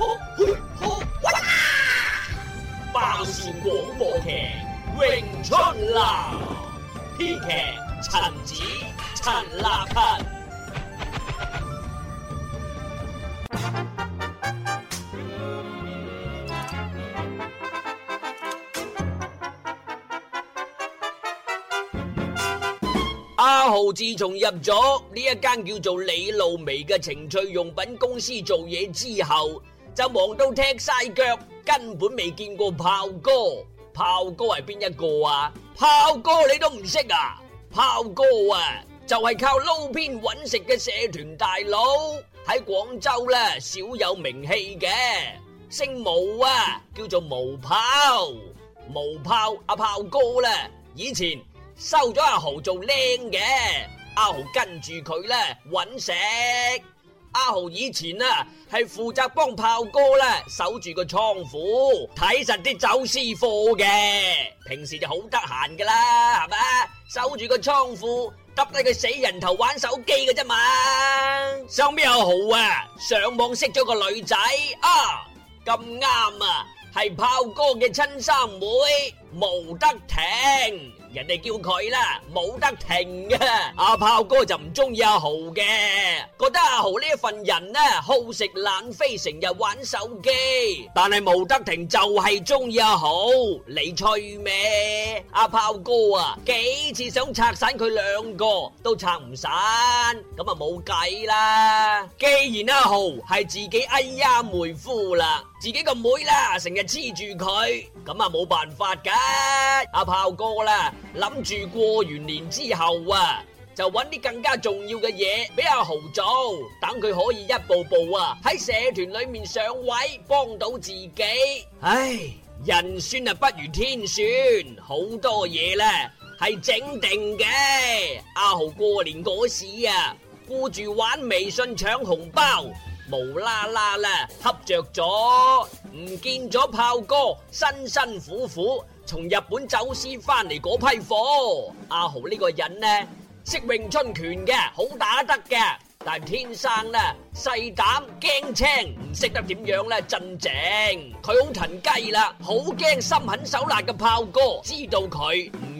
啊、爆笑廣播劇，詠春男，編劇陳子陳立群。阿豪自從入咗呢一間叫做李露薇嘅情趣用品公司做嘢之後，就忙到踢晒腳，根本未見過炮哥。炮哥係邊一個啊？炮哥你都唔識啊？炮哥啊，就係、是、靠撈片揾食嘅社團大佬喺廣州呢，少有名氣嘅，姓毛啊，叫做毛炮，毛炮阿、啊、炮哥呢，以前收咗阿豪做僆嘅，阿豪跟住佢呢，揾食。阿豪以前啊，係負責幫炮哥啦守住個倉庫，睇實啲走私貨嘅。平時就好得閒噶啦，係咪？守住個倉庫，揼低個死人頭玩手機嘅啫嘛。收邊阿豪啊，上網識咗個女仔啊，咁啱啊，係炮哥嘅親生妹。毛德婷，人哋叫佢啦，冇得停嘅。阿炮哥就唔中意阿豪嘅，覺得阿豪呢份人呢好食懶飛，成日玩手機。但係毛德婷就係中意阿豪，你吹咩？阿炮哥啊，幾次想拆散佢兩個都拆唔散，咁啊冇計啦。既然阿豪係自己哎呀妹夫啦，自己個妹啦，成日黐住佢，咁啊冇辦法噶。阿炮哥啦，諗住過完年之後啊，就搵啲更加重要嘅嘢俾阿豪做，等佢可以一步步啊喺社團裏面上位，幫到自己。唉，人算啊不如天算，好多嘢呢係整定嘅。阿豪過年嗰時啊，顧住玩微信搶紅包，無啦啦啦恰着咗，唔見咗炮哥，辛辛苦苦從日本走私翻嚟嗰批貨，阿豪呢個人呢，識詠春拳嘅，好打得嘅，但係天生呢，細膽驚青，唔識得點樣呢鎮靜，佢好騰雞啦，好驚心狠手辣嘅炮哥，知道佢唔。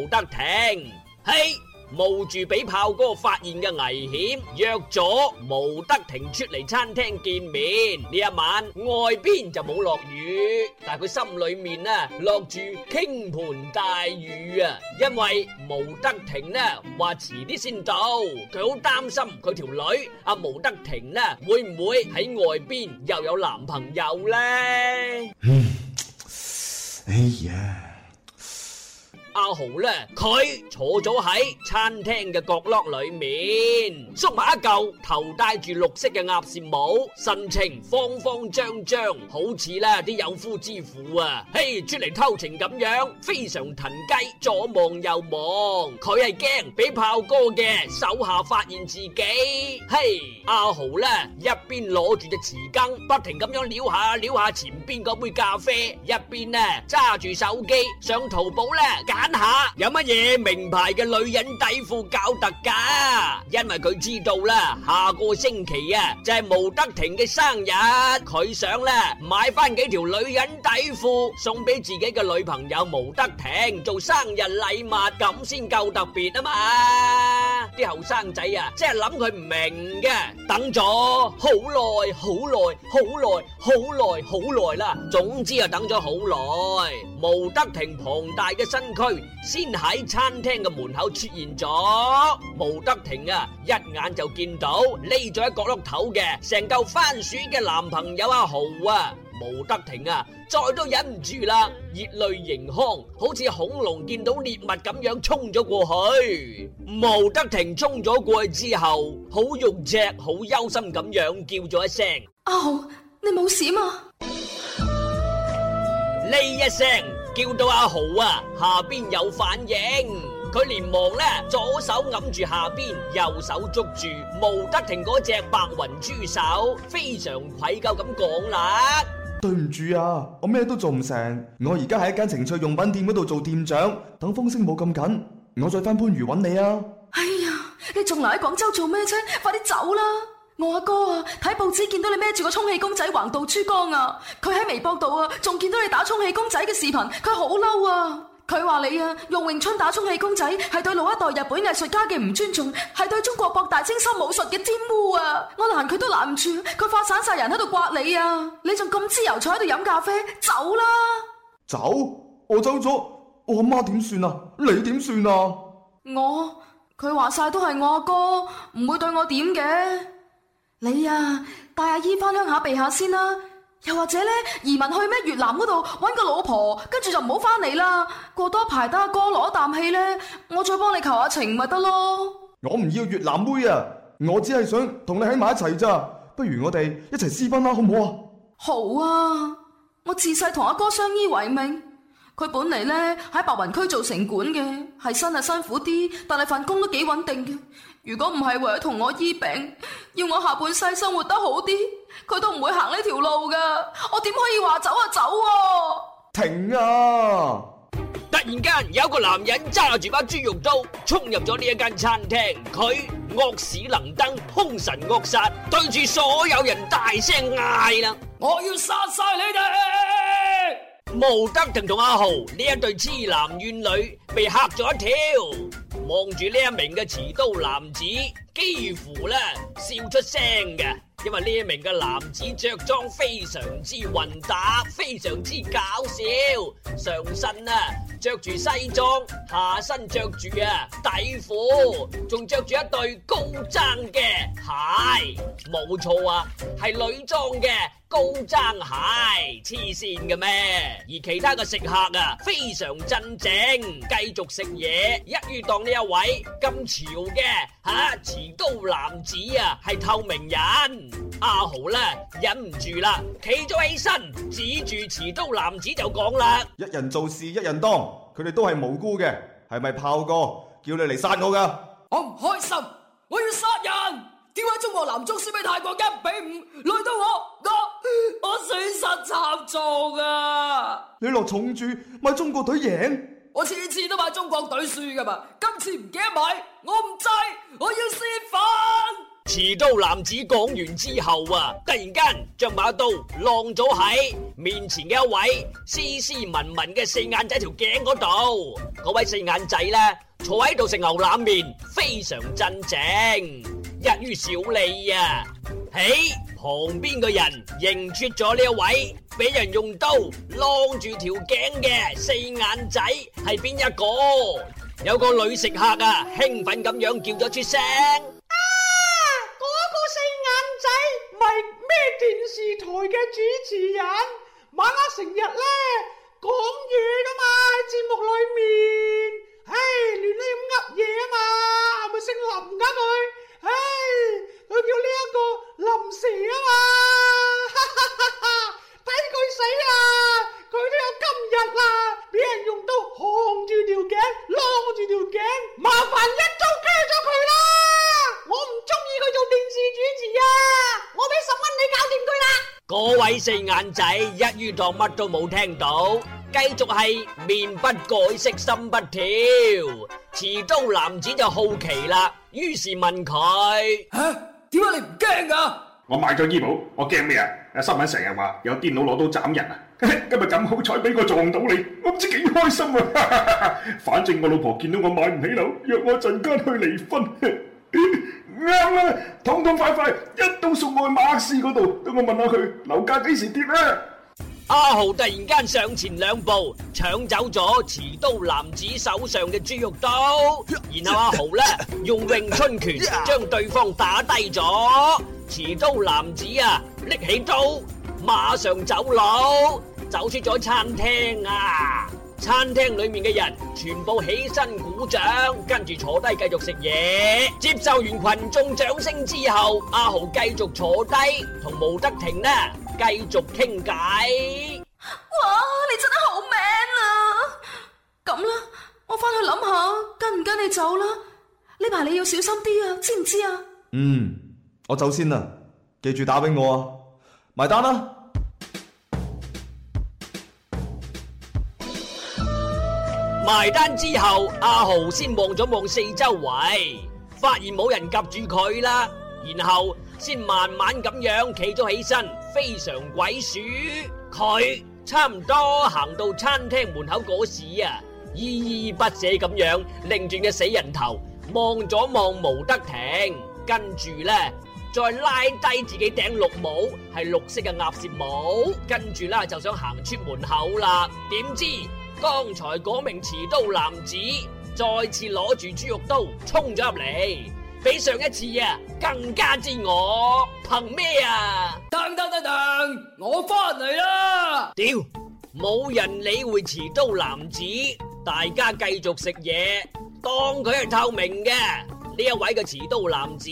吳德庭，嘿，冒住俾炮哥發現嘅危險，約咗吳德庭出嚟餐廳見面。呢一晚外邊就冇落雨，但係佢心裏面呢落住傾盆大雨啊！因為吳德庭呢話遲啲先到，佢好擔心佢條女阿吳德庭呢會唔會喺外邊又有男朋友呢？嗯，哎呀！阿豪呢，佢坐咗喺餐廳嘅角落裏面，縮埋一嚿，頭戴住綠色嘅鴨舌帽，神情慌慌張張，好似呢啲有夫之婦啊！嘿，出嚟偷情咁樣，非常騰雞，左望右望，佢係驚俾炮哥嘅手下發現自己。嘿，阿豪呢，一邊攞住隻匙羹，不停咁樣撩下撩下前邊嗰杯咖啡，一邊呢，揸住手機上淘寶呢。等下有乜嘢名牌嘅女人底褲搞特價？因為佢知道啦，下個星期啊，就係毛德婷嘅生日，佢想啦買翻幾條女人底褲送俾自己嘅女朋友毛德婷做生日禮物，咁先夠特別啊嘛！啲後生仔啊，真係諗佢唔明嘅，等咗好耐，好耐，好耐，好耐，好耐啦。總之啊，等咗好耐。毛德婷龐大嘅身軀先喺餐廳嘅門口出現咗，毛德婷啊，一眼就見到匿咗喺角落頭嘅成嚿番薯嘅男朋友阿豪啊，毛德婷啊，再都忍唔住啦，熱淚盈眶，好似恐龍見到獵物咁樣衝咗過去。毛德婷衝咗過去之後，好肉赤，好憂心咁樣叫咗一聲：阿豪，你冇事啊？呢一聲。叫到阿豪啊，下邊有反應，佢連忙咧左手揞住下邊，右手捉住無得停嗰隻白雲豬手，非常愧疚咁講啦，對唔住啊，我咩都做唔成，我而家喺一間情趣用品店嗰度做店長，等風聲冇咁緊，我再翻番禺揾你啊！哎呀，你仲留喺廣州做咩啫？快啲走啦！我阿哥啊，睇報紙見到你孭住個充氣公仔橫渡珠江啊，佢喺微博度啊，仲見到你打充氣公仔嘅視頻，佢好嬲啊！佢話你啊，用詠春打充氣公仔係對老一代日本藝術家嘅唔尊重，係對中國博大精深武術嘅玷污啊！我攔佢都攔唔住，佢發散晒人喺度刮你啊！你仲咁自由坐喺度飲咖啡，走啦！走？我走咗，我阿媽點算啊？你點算啊？我，佢話晒都係我阿哥，唔會對我點嘅。你啊，帶阿姨翻鄉下避下先啦。又或者咧，移民去咩越南嗰度揾個老婆，跟住就唔好翻嚟啦。過多排得阿哥攞啖氣咧，我再幫你求下情咪得咯。我唔要越南妹啊，我只係想同你喺埋一齊咋。不如我哋一齊私奔啦，好唔好啊？好啊！我自細同阿哥相依為命，佢本嚟咧喺白雲區做城管嘅，係新啊辛苦啲，但係份工都幾穩定嘅。如果唔係為咗同我醫病，要我下半世生活得好啲，佢都唔會行呢條路㗎。我點可以話走啊走啊？停啊！突然間有個男人揸住把豬肉刀衝入咗呢一間餐廳，佢惡死能登，凶神惡煞，對住所有人大聲嗌啦：我要殺晒你哋！毛德婷同阿豪呢一對痴男怨女被吓咗一跳。望住呢一名嘅持刀男子，幾乎咧笑出聲嘅，因為呢一名嘅男子着裝非常之混搭，非常之搞笑。上身啊着住西裝，下身着住啊底褲，仲着住一對高踭嘅鞋，冇錯啊，係女裝嘅。高踭鞋，黐線嘅咩？而其他嘅食客啊，非常鎮靜，繼續食嘢。一於當呢一位咁潮嘅，吓、啊、持刀男子啊，係透明人。阿、啊、豪咧、啊、忍唔住啦，企咗起身，指住持刀男子就講啦：一人做事一人當，佢哋都係無辜嘅，係咪炮哥叫你嚟殺我噶？我唔開心，我要殺人。點解中國男足輸俾泰國一比五，累到我我？我損失慘重啊！你落重注買中國隊贏，我次次都買中國隊輸噶嘛？今次唔記得買，我唔制，我要試返。持刀男子講完之後啊，突然間將把刀晾咗喺面前嘅一位斯斯文文嘅四眼仔條頸嗰度。嗰位四眼仔咧坐喺度食牛腩麵，非常鎮靜，一於少理啊，起。旁邊嘅人認出咗呢一位，俾人用刀啷住條頸嘅四眼仔係邊一個？有個女食客啊，興奮咁樣叫咗出聲：啊，嗰個四眼仔咪咩電視台嘅主持人，晚黑成日咧講嘢噶嘛，節目裏面，嘿。仔一於當乜都冇聽到，繼續係面不改色心不跳。持刀男子就好奇啦，於是問佢：嚇，點解你唔驚㗎？我買咗醫保，我驚咩啊？新聞成日話有電腦攞刀斬人啊！ 今日咁好彩俾我撞到你，我唔知幾開心啊！ 反正我老婆見到我買唔起樓，約我陣間去離婚。 啱啦，痛痛快快，一刀送我去馬克思嗰度，等我問下佢樓價幾時跌咧。阿豪突然間上前兩步，搶走咗持刀男子手上嘅豬肉刀，然後阿、啊、豪咧用詠春拳將對方打低咗。持刀男子啊，拎起刀，馬上走佬，走出咗餐廳啊。餐廳裏面嘅人全部起身鼓掌，跟住坐低繼續食嘢。接受完群眾掌聲之後，阿豪繼續坐低同毛德庭呢，繼續傾偈。哇，你真係好 man 啊！咁啦，我翻去諗下跟唔跟你走啦。呢排你要小心啲啊，知唔知啊？嗯，我走先啦，記住打俾我啊！埋單啦。埋單之後，阿豪先望咗望四周圍，發現冇人夾住佢啦，然後先慢慢咁樣企咗起身，非常鬼鼠。佢差唔多行到餐廳門口嗰時啊，依依不捨咁樣擰轉嘅死人頭望咗望吳德庭，跟住呢再拉低自己頂綠帽，係綠色嘅鴨舌帽，跟住啦就想行出門口啦，點知？剛才嗰名持刀男子再次攞住豬肉刀衝咗入嚟，比上一次啊，更加之惡。憑咩啊？等等等等，我翻嚟啦！屌，冇人理會持刀男子，大家繼續食嘢，當佢係透明嘅。呢一位嘅持刀男子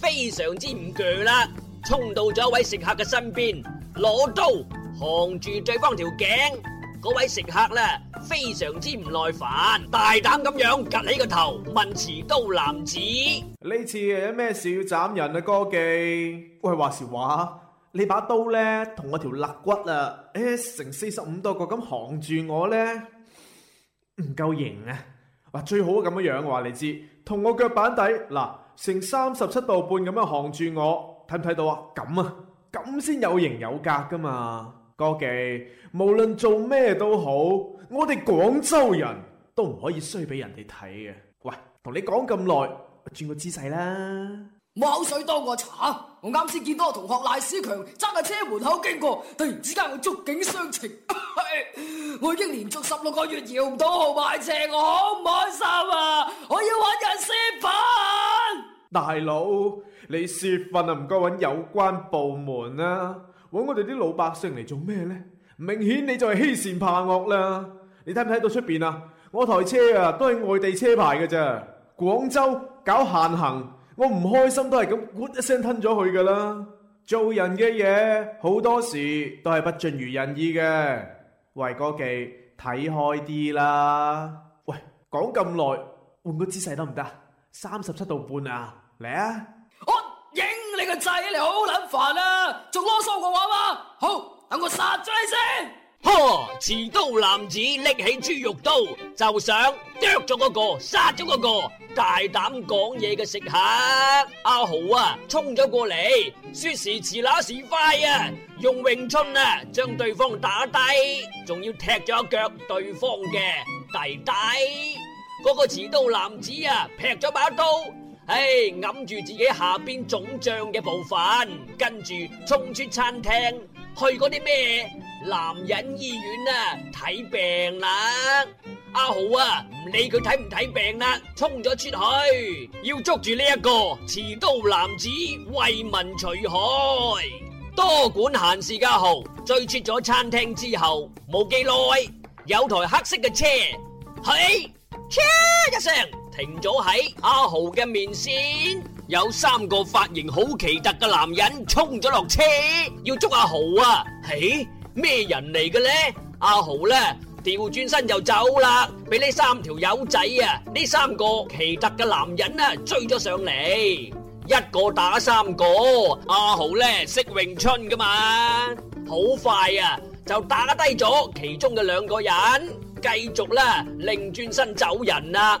非常之唔鋸啦，衝到咗一位食客嘅身邊，攞刀扛住對方條頸。嗰位食客咧非常之唔耐煩，大膽咁樣岌起個頭問持刀男子：呢次有咩事要斬人啊？哥記，我係話時話，你把刀咧同我條肋骨、哎、啊，誒成四十五度角咁行住我咧，唔夠型啊！哇，最好咁樣樣話你知，同我腳板底嗱成三十七度半咁樣行住我，睇唔睇到啊？咁啊，咁先有型有格噶嘛！哥記，無論做咩都好，我哋廣州人都唔可以衰俾人哋睇嘅。喂，同你講咁耐，轉個姿勢啦。冇口水多過茶。我啱先見到個同學賴思強揸喺車門口經過，突然之間我觸景傷情 我已經連續十六個月搖唔到號買車，我好唔開心啊！我要揾人洩憤，啊。大佬，你洩憤啊？唔該揾有關部門啦，啊。搵我哋啲老百姓嚟做咩呢？明顯你就係欺善怕惡啦！你睇唔睇到出面啊？我台車啊都係外地車牌嘅咋？廣州搞限行，我唔開心都係咁咕一聲吞咗去噶啦！做人嘅嘢好多時都係不盡如人意嘅，偉哥記睇開啲啦！喂，講咁耐，換個姿勢得唔得？三十七度半啊，嚟啊！你好捻煩啊！仲囉嗦我話嗎？好，等我殺咗你先。呵，持刀男子拎起豬肉刀，就想剁咗嗰個，殺咗嗰個大膽講嘢嘅食客。阿豪啊，衝咗過嚟，說時遲那時快啊，用詠春啊將對方打低，仲要踢咗一腳對方嘅弟弟。嗰個持刀男子啊，劈咗把刀。哎，揞住自己下邊腫脹嘅部分，跟住衝出餐廳，去嗰啲咩男人醫院啊睇病啦！阿豪啊，唔理佢睇唔睇病啦、啊，衝咗出去，要捉住呢、這、一個持刀男子為民除害，多管閒事家豪！追出咗餐廳之後，冇幾耐，有台黑色嘅車喺車一聲。停咗喺阿豪嘅面前，有三個髮型好奇特嘅男人衝咗落車，要捉阿豪啊！嘿，咩人嚟嘅呢？阿豪呢？調轉身就走啦，俾呢三條友仔啊，呢三個奇特嘅男人啊追咗上嚟，一個打三個。阿豪呢，識詠春噶嘛？好快啊，就打低咗其中嘅兩個人，繼續啦，另轉身走人啦、啊。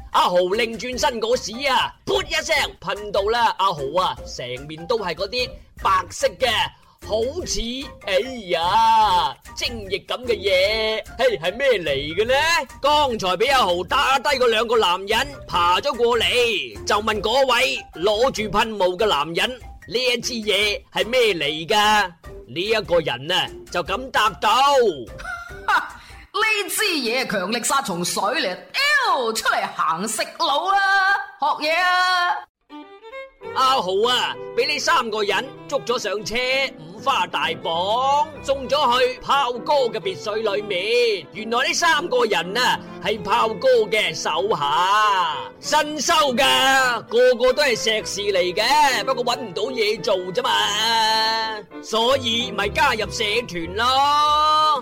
阿豪擰轉身嗰時啊，噗一聲噴到啦！阿豪啊，成面都係嗰啲白色嘅，好似哎呀精液咁嘅嘢，嘿，係咩嚟嘅咧？剛才俾阿豪打低嗰兩個男人爬咗過嚟，就問嗰位攞住噴霧嘅男人，呢一支嘢係咩嚟噶？呢一、呢個人啊就咁答到。 呢支嘢強力殺蟲水嚟。哎，出嚟行食路啦，啊，學嘢啊！阿豪啊，俾呢三個人捉咗上車，五花大綁，送咗去炮哥嘅別墅裏面。原來呢三個人啊，係炮哥嘅手下，新收噶，個個都係碩士嚟嘅，不過搵唔到嘢做啫嘛，所以咪加入社團咯。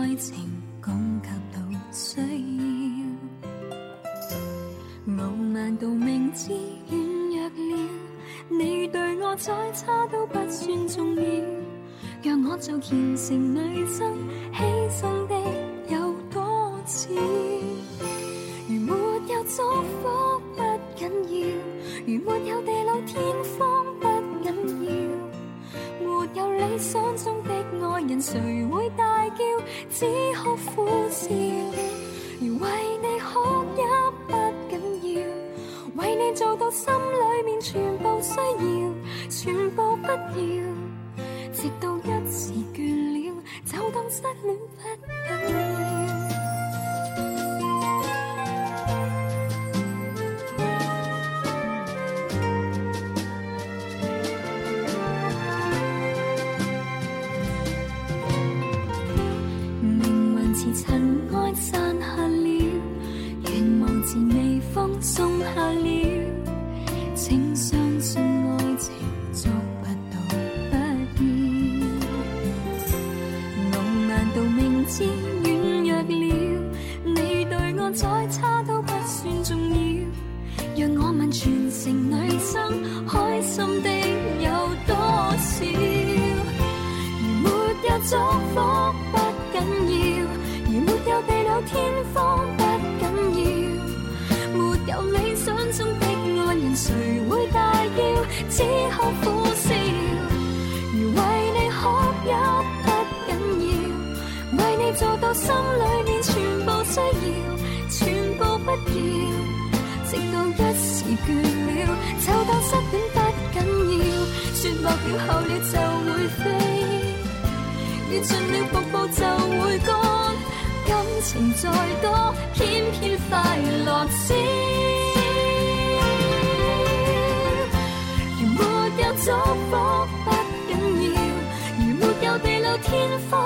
愛情供給到需要，傲慢道明知軟弱了，你對我再差都不算重要。讓我就虔誠女生，犧牲的。全部不要，直到一時倦了，就當失戀不緊要。心裏面全部需要，全部不要，直到一時倦了，就當失戀不緊要。雪落了，厚了就會飛；雨盡了，瀑布就會乾。感情再多，偏偏快樂少。如沒有祝福不緊要，如沒有地老天荒。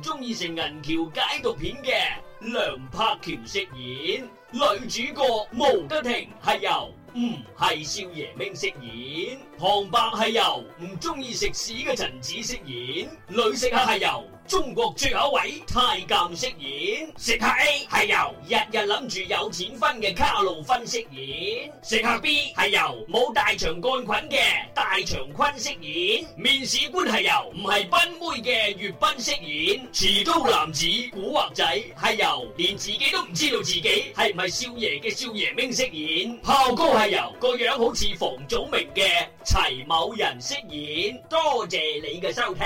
中意食銀橋解毒片嘅梁柏權飾演女主角，毛吉婷係由唔係、嗯、少爺明飾演，龐伯係由唔中意食屎嘅陳子飾演，女食客係由。中國最後一位太監飾演食客 A，係由日日諗住有錢分嘅卡路分飾演食客 B，係由冇大腸桿菌嘅大腸坤飾演面試官，係由唔係賓妹嘅粵斌飾演，持刀男子古惑仔係由連自己都唔知道自己係唔係少爺嘅少爺兵飾演，炮哥係由個樣好似房祖明嘅齊某人飾演。多謝你嘅收聽。